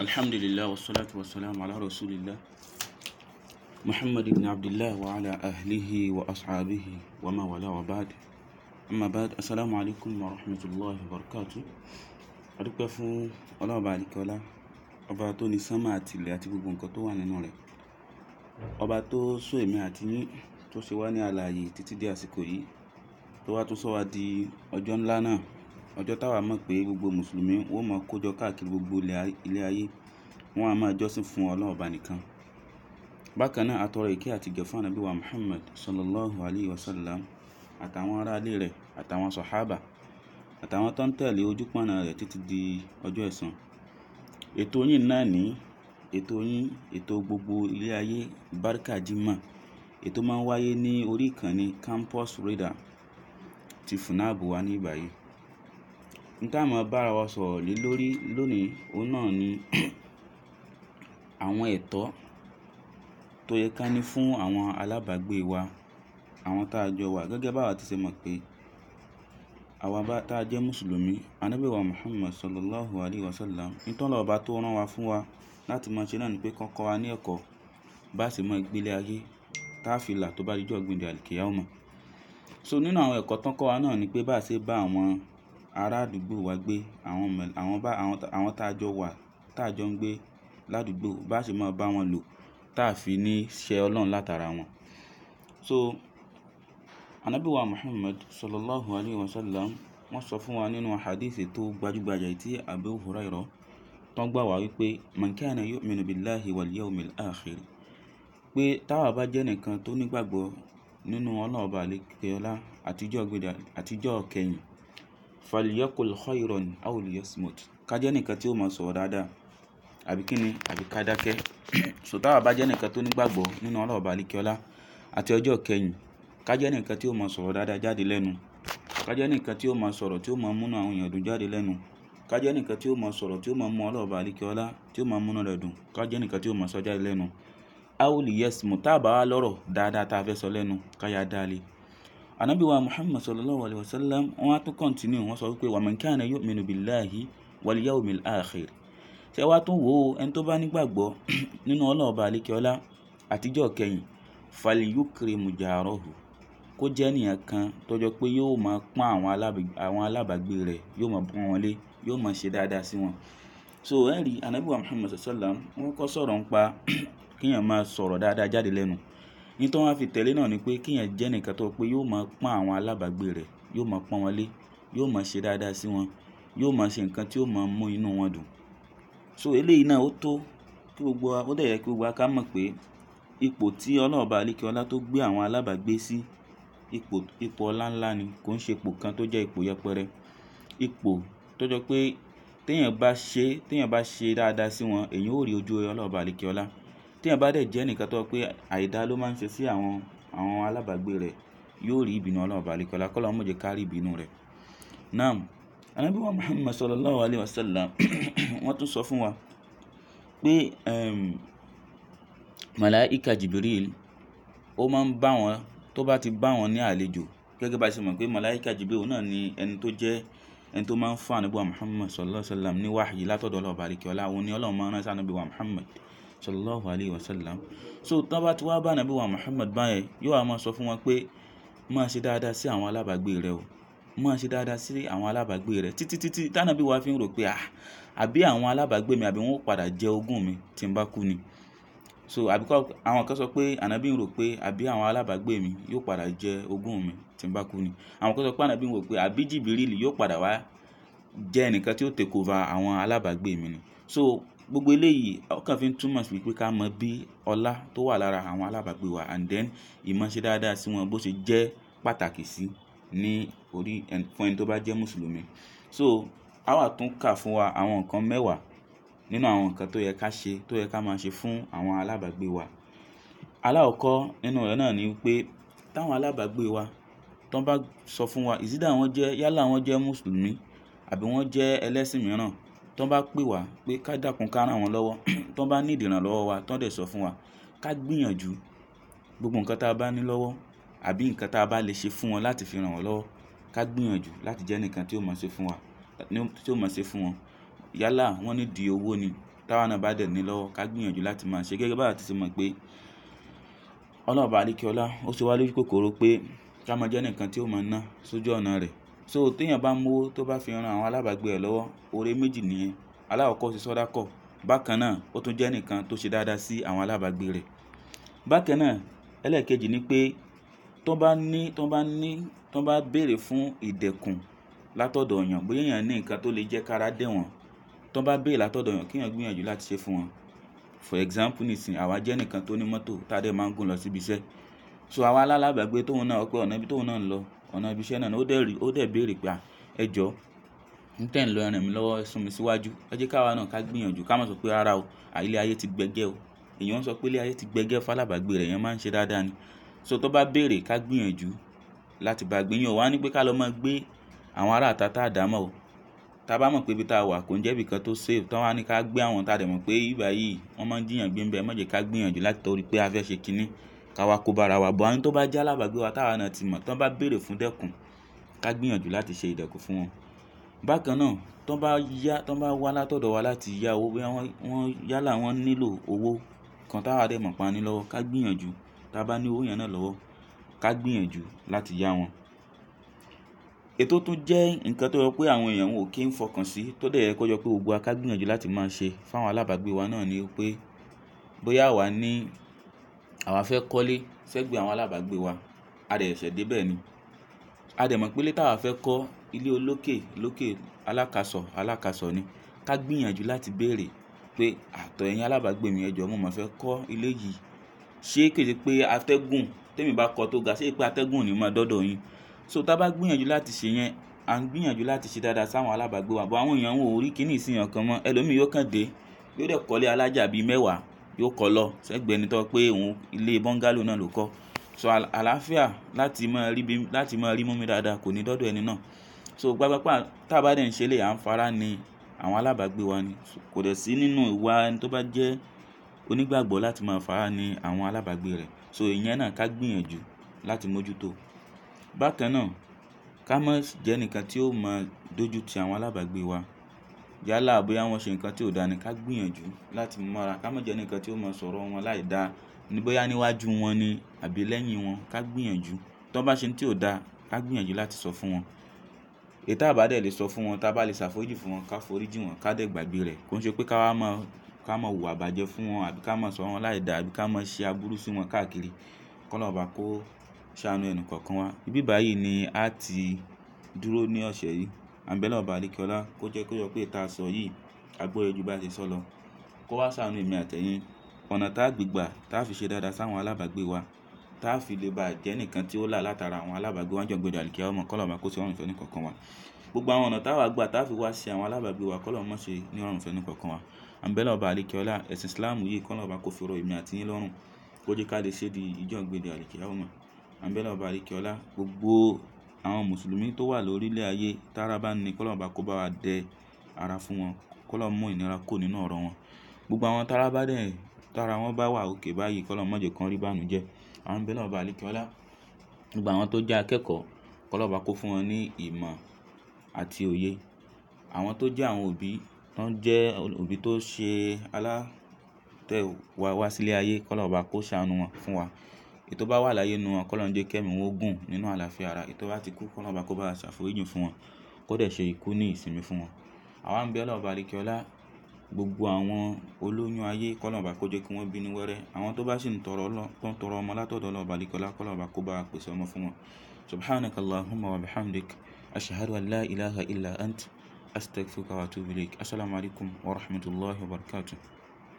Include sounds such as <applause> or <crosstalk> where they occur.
الحمد لله والصلاة والسلام على رسول الله محمد بن عبد الله وعلى أهله وأصحابه وما ولا وبعد أما بعد السلام عليكم ورحمة الله وبركاته adúpẹ́ fún ọlọ́ọ̀bá àdìkọ́lá ọba tó ní sánmà àtìlẹ̀ àti gbogbo nǹkan tó wà nínú rẹ̀ ọba tó sọ èmi àti yín tó ṣe wá ní àlàyé títí dé àsìkò yìí tó wá tó sọ wá di ọjọ́ ńlá náà ọjọ́ táwa mọ̀ pé gbogbo mùsùlùmí wọ́n máa kójọ káàkiri gbogbo ilé ayé wọ́n á máa jọ́sìn fún ọlọ́run ọba nìkan bákan náà atọrọ ìkẹ́ àti gẹ̀fún ànábì wa muhammad sallallahu alayhi wa sallam àtàwọn aráalé rẹ̀ àtàwọn sọ̀hábà àtàwọn tó ń tẹ̀lé ojúpọ̀nà rẹ̀ títí di ọjọ́ ẹ̀san ètò yín náà ní ètò yín ètò gbogbo ilé ayé barika jimá ètò máa ń wáyé ní orí ìkànnì campus radar ti funab ní ìbàyìí N tá máa bá ara wa sọ̀rọ̀ lé lórí lónìí, òun náà ni àwọn ẹ̀tọ́ tó yẹ ká ní fún àwọn alábàágbé wa, àwọn tá jọ wa. Gẹ́gẹ́ bá ti ṣe mọ̀ pé àwa bá tá jẹ́ Mùsùlùmí, Ànábì wa Muhammad Sallallahu Alaihi Wasallam, ohun tí Ọlọ́run Ọba tó rán wa fún wa láti máa ṣe náà ni pé kó kọ́ wa ní ẹ̀kọ́ bá ṣe máa gbé ayé tá fi là tó bá di ọjọ́ ọ̀gbìn dé al So nínú àwọn ẹ̀kọ́ tó ń kọ́ wa náà ni pé bá ṣe bá àwọn ará àdúgbò wa gbé, àwọn mọ̀, àwọn bá, àwọn, àwọn tá jọ wà, tá jọ ń gbé ládùúgbò bá ṣe máa bá wọn lò táa fi ní ṣẹ Ọlọ́run látara wọn. So, Ànábì wa Muhammad Sallallahu Alaihi Wasallam wọ́n sọ fún wa nínú hadisi tó gbajúgbajà yìí tí Abu Hurairah tó ń gbà wá wípé "Man kana yu'minu billahi wal yawmil akhir" pé táwa bá jẹ́ ẹnìkan tó nígbàgbọ́ nínú Ọlọ́run Ọba àtijọ́ gbéda, àtijọ́ kẹ́yìn falyakul khayran aw liyasmut ká jẹ́ nìkan tí ó máa sọ̀rọ̀ dáadáa àbí ni àbí ká dákẹ́ <clears throat> so táwa bá jẹ́ nìkan tó nígbàgbọ́ nínú ọlọ́run bá alikiola àti ọjọ́ kẹyìn ká jẹ́ nìkan tí ó máa sọ̀rọ̀ dáadáa jáde lẹ́nu ká jẹ́ nìkan tí ó máa sọ̀rọ̀ tí ó máa múnú àwọn èèyàn dùn jáde lẹ́nu ká jẹ́ nìkan tí ó máa sọ̀rọ̀ tí ó máa mú ọlọ́run bá alikiola tí ó máa múnú rẹ̀ dùn ká jẹ́ nìkan tí ó máa sọ jáde lẹ́nu aw liyasmut táwa bá wá lọ́rọ̀ dáadáa tá a fẹ́ sọ lẹ́nu ká yá dáa lé anabi wa muhammad sallallahu alayhi wa sallam wọ́n á tún continue wọ́n sọ wípé wa man kana yu'minu billahi wal yawmil akhir ṣé wàá tún wò ó ẹni tó bá nígbàgbọ́ <clears throat> nínú ọlọ́ọ̀ba àlékeọlá àtijọ́ kẹyìn falyukrim jarahu kó jẹ́ ènìyàn kan tọjọ́ pé yóò máa pọ́n àwọn alábàágbé rẹ̀ yóò máa pọ́n wọn lé yóò máa ṣe dáadáa sí wọn so ẹ rí anabi wa muhammad sallallahu alayhi wa sallam wọ́n kọ́ sọ̀rọ̀ nípa <clears throat> kíyàn máa sọ̀rọ̀ dáadáa jáde lẹ́nu ní tó wá fi tẹ̀lé náà ni pé kíyàn jẹ́ nìkan tó pé yóò máa pọ́n àwọn alábàágbé rẹ̀ yóò máa pọ́n wọn lé yóò máa ṣe dáadáa sí wọn yóò máa ṣe nǹkan tí yóò máa mú inú wọn dùn so eléyìí náà ó tó kí gbogbo wa ó dẹ̀ yẹ kí gbogbo wa ká mọ̀ pé ipò tí ọlọ́ọ̀ba alékeọlá tó gbé àwọn alábàágbé sí ipò ipò ọlá ńlá ni kò ń ṣe ipò kan tó jẹ́ ipò yẹpẹrẹ ipò tó jọ pé téèyàn bá ṣe téèyàn bá ṣe dáadáa sí wọn èèyàn ó rí ojú ọlọ́ọ̀ba alékeọlá Tí èèyàn bá dẹ̀ jẹ́ ẹnìkan tó pé àìda ló máa ń ṣe sí àwọn, àwọn alábàágbé rẹ̀, yóò rí ìbínú Ọlọ́run Ọba lékè ọlá. Kọ́ lọ́run má jẹ́ ká rí ìbínú rẹ̀. Naam, Ànábì wa Muhammad Sallallahu Alaihi Wasallam <clears throat> wọ́n tún sọ fún wa pé, ehm, Màláíkà Jibril ó máa ń bá wọn, tó bá ti bá wọn ní àlejò. Gẹ́gẹ́ bá ṣe mọ̀ pé Màláíkà Jibril náà ni ẹni tó jẹ́ ẹni tó máa ń fún Ànábì wa Muhammad Sallallahu Alaihi Wasallam ní wahyi látọ̀dọ̀ Ọlọ́run Ọba lékè Òun ni Ọlọ́run máa ń rán sí wa Muhammad sallallahu alayhi wa sallam so tán bá ti wá bá nàbí wa Muhammad báyẹn yóò wá máa sọ fún wọn pé máa ṣe dáadáa sí àwọn alábàágbé rẹ o máa ṣe dáadáa sí àwọn alábàágbé rẹ títí títí tánàbí wa fi ń rò pé ah àbí àwọn alábàágbé mi àbí wọn padà jẹ ogún mi tí n bá kú ni so àbí kọ́ àwọn kan sọ pé ànábì ń rò pé àbí àwọn alábàágbé mi yóò padà jẹ ogún mi tí n bá kú ni àwọn kan sọ pé ànábì ń rò pé àbí jìbìrìlì yóò padà wá jẹ́ ẹnìkan tí ó take over àwọn alábàágbé mi ni so Gbogbo eléyìí ó kàn fi ń túmọ̀ sí wípé ká mọ bí ọlá tó wà lára àwọn alábàágbé wa and then ìmọ̀ ṣe dáadáa sí wọn bó ṣe jẹ́ pàtàkì sí ní orí fún ẹni tó bá jẹ́ Mùsùlùmí. So, a wà tún kà fún wa àwọn nǹkan mẹ́wàá nínú àwọn nǹkan tó yẹ ká ṣe, tó yẹ ká máa ṣe fún àwọn alábàágbé wa. Alákọ̀ọ́kọ́ nínú rẹ̀ náà ni wípé tí àwọn alábàágbé wa tó bá sọ fún wa, is either wọ́n jẹ́, yálà wọ́n jẹ́ Mùsùlùmí àbí wọ́n jẹ́ ẹlẹ́sìn mìíràn tó bá pè wá pé ká dákun ká ràn wọ́n lọ́wọ́ tó <clears throat> bá ní ìdìrànlọ́wọ́ wa tó dẹ̀ sọ fún wa ká gbìyànjú gbogbo nǹkan tá a bá ní lọ́wọ́ àbí nǹkan tá a bá lè ṣe fún wọn láti fi ràn wọ́n lọ́wọ́ ká gbìyànjú láti jẹ́ nìkan tí ó mọ̀ ṣe fún wa tí ó mọ̀ ṣe fún wọn yálà wọ́n ní di owó ni táwa náà bá dẹ̀ ní lọ́wọ́ ká gbìyànjú láti máa ṣe gẹ́gẹ́ bá àti ṣe mọ̀ pé ọlọ́ọ̀bà àríkíọlá ó ṣe wá lójú kòkòrò pé ká máa jẹ́ nìkan tí ó máa ná sójú ọ̀nà rẹ̀ So téèyàn bá mówó tó bá fi ran àwọn alábàágbé rẹ̀ lọ́wọ́, oore méjì nìyẹn. Alákọ̀ọ́kọ́ ó ṣe sàdákọ̀, bákan náà ó tún jẹ́ ẹnìkan tó ṣe dáadáa sí àwọn alábàágbé rẹ̀. Bákan náà, ẹlẹ́ẹ̀kejì ni pé tọ́n bá ní tọ́n bá ní tọ́n bá béèrè fún ìdẹ̀kùn látọ̀dọ̀ èèyàn, bóyá èèyàn ní nǹkan tó lè jẹ́ kára dẹ̀ wọ́n, tọ́n bá béèrè látọ̀dọ̀ èèyàn kéèyàn gbìyànjú láti ṣe fún wọn. For example nísìnyí, àwa jẹ́ ẹnìkan tó ní mọ́tò tá dẹ̀ máa ń gùn lọ síbi iṣẹ́. So àwa lálábàágbé tóun náà, ó pé ọ̀nà ibi tóun náà ń lọ ọ̀nà ibi iṣẹ́ náà ó dẹ̀ rí ó dẹ̀ béèrè pé à ẹ jọ ń tẹ̀ ń lọ ẹ ràn mí lọ́wọ́ ẹ sún mi síwájú ẹ jẹ́ káwa náà ká gbìyànjú ká má sọ pé rárá o ilé ayé ti gbẹgẹ́ o èèyàn sọ pé ilé ayé ti gbẹgẹ́ falábàgbé rẹ̀ èèyàn máa ń ṣe dáadáa ni so tó bá béèrè ká gbìyànjú láti bá gbé yín o wá ní pé ká lọ máa gbé àwọn ará àta tá a dá mọ̀ o tá a bá mọ̀ pé ibi tá a wà kò ń jẹ́ ibì kan tó save tán wá ní ká gbé àwọn tá a dẹ̀ mọ̀ pé ibà yìí wọ́n máa ń jiyàn gbé ń bẹ́ẹ̀ mọ̀jẹ̀ ká gbìyànjú láti torí pé a fẹ́ ṣe kinní káwa kó bára wa bọ̀ àwọn tó bá jẹ́ alábàágbé wa táwa náà ti mọ̀ tán bá béèrè fún dẹ́kun ká gbìyànjú láti ṣe ìdẹ̀kùn fún wọn bákan náà tán bá yá tán bá wá látọ̀dọ̀ wa láti yá owó bóyá wọ́n yálà wọ́n nílò owó kan táwa dẹ̀ mọ̀ pa ní lọ́wọ́ ká gbìyànjú tá a bá ní owó yẹn náà lọ́wọ́ ká gbìyànjú láti yá wọn ètò tún jẹ́ nǹkan tó yẹ pé àwọn èèyàn ò kí ń fọkàn sí tó dẹ̀ yẹ kó pé gbogbo wa ká gbìyànjú láti máa ṣe fáwọn alábàágbé wa náà ni pé bóyá àwa ní àwa fẹ́ kọ́lé sẹ́gbẹ̀ẹ́ àwọn alábàágbé wa a dẹ̀ ṣẹ̀ dé bẹ́ẹ̀ ni a dẹ̀ mọ̀ pé ilé táwa fẹ́ kọ́ ilé olókè lókè alákasọ̀ alákasọ̀ ni ká gbìyànjú láti béèrè pé àtọ̀ ẹ̀yin alábàágbé mi ẹ jọ̀ọ́ mo máa fẹ́ kọ́ ilé yìí ṣé kéde pé atẹ́gùn tèmi bá kọ́ tó ga ṣé pé atẹ́gùn ni máa dọ́dọ̀ yín so tá a bá gbìyànjú láti ṣe yẹn à ń gbìyànjú láti ṣe dáadáa sáwọn alábàágbé wa bọ́ àwọn èèyàn wò orí kíní ìsìyàn kan mọ́ ẹlòmíì yóò kàn dé yóò dẹ̀ kọ́lé alájà bíi mẹ́wàá yóò kọ́ lọ sẹ́gbẹ̀ẹ́ ẹni tó pé òun ilé bọ́ngálò náà ló kọ́ so àlàáfíà láti máa rí bí láti máa rí mú mi dáadáa kò ní dọ́dọ̀ ẹni náà so gbágbápá tá a bá dẹ̀ ń ṣe lè à ń fara ni àwọn alábàágbé wa ni kò dẹ̀ sí nínú ìwà ẹni tó bá jẹ́ onígbàgbọ́ láti máa fara ni àwọn alábàágbé rẹ̀ so ìyẹn náà ká gbìyànjú láti mójútó bákan náà ká má jẹ́ nìkan tí ó máa dójú ti àwọn alábàágbé wa Yálà bóyá wọ́n ṣe nǹkan tí ò dáa ni ká gbìyànjú láti mú mọ́ra. Ká má jẹ́ ẹnìkan tí ó máa sọ̀rọ̀ wọn láìda bóyá níwájú wọn ni àbí lẹ́yìn wọn. Ká gbìyànjú tí wọ́n bá ṣe ohun tí ò dáa, ká gbìyànjú láti sọ fún wọn. Èyí tí a bá dẹ̀ lè sọ fún wọn, tí a bá lè ṣàforíjì fún wọn, ká foríjì wọ́n, ká dẹ̀ gbàgbé rẹ̀. Kò ṣe pé ká wá mọ̀, ká mọ̀ hùwà bàjẹ́ fún wọn àbí ká mọ̀ sọ̀rọ̀ wọn láìda àbí ká mọ̀ ṣe aburú sí wọn káàkiri. Kọ́ kó ṣàánú ẹnì kọ̀ọ̀kan wa. Ibí báyìí ni a ti dúró ní ọ̀sẹ̀ yìí. À ń bẹ Ọlọ́run ọba àlékiọlá kó jẹ́ kó jọ pé èyí tí a sọ yìí a gbọ́ye ju bá ṣe sọ lọ. Kó wá ṣàánú èmi àtẹ̀yin. Ọ̀nà tá gbe gbà tá fi ṣe dáadáa sáwọn alábàágbé wa, tá fi lè bá jẹ́ ẹnìkan tí ó là látara àwọn alábàágbé wa ní ọjọ́ ìgbéǹde àlìkìyámọ̀ kọ́ Ọlọ́run ọba kó ṣe rọrùn fún ẹni kọ̀ọ̀kan wa. Gbogbo àwọn ọ̀nà tá wá gbà tá fi wá ṣe àwọn alábàágbé wa kọ́ Ọlọ́run ṣe ní rọrùn fún ẹni kọ̀ọ̀kan wa. À ọba àlékiọlá ẹ̀sìn Islam yìí kọ́ Ọlọ́run kó fi èmi àti yín lọ́rùn. Kó jẹ́ ká lè ṣe di ìjọ́ ìgbéǹde àlìkìyámọ̀. À ń ọba àlékiọlá gbogbo àwọn Mùsùlùmí tó wà lórílẹ̀ ayé tára bá ní kí Ọlọ́run bá kó bá wa dẹ ara fún wọn, kí Ọlọ́run mú ìnira kó nínú ọ̀rọ̀ wọn. Gbogbo àwọn tára bá dẹ̀, tára wọn bá wà okay báyìí kí Ọlọ́run má jẹ́ kí wọ́n rí ìbànújẹ́. A ń bẹ Ọlọ́run Gbogbo àwọn tó jẹ́ akẹ́kọ̀ọ́, kí kó fún wọn ní ìmọ̀ àti òye. Àwọn tó jẹ́ àwọn òbí, tó jẹ́ òbí tó ṣe alátẹ wa wá sílé ayé, kí kó ṣàánú wọn fún wa. Èyí tó bá wà láyé nínú wọn, k'Ọlọ́run jẹ́ kí ẹ̀mí wọn ó gùn nínú àlàáfíà ara. Èyí tó bá ti kú, k'Ọlọ́run Ọba kó bá wa ṣàforíjì fún wọn, kó dẹ̀ ṣe ikú ní ìsinmi fún wọn. Àwa ń bẹ Ọlọ́run Ọba àlékiọlá, gbogbo àwọn olóyún ayé k'Ọlọ́run Ọba kó jẹ́ kí wọ́n bí ní wẹ́rẹ́. Àwọn tó bá sì ń tọrọ Ọlọ́, tó ń tọrọ ọmọ látọ̀dọ̀ Ọlọ́run Ọba kó bá pèsè ọmọ fún wọn. Subhanaka wa bihamdik. wa barakatuh.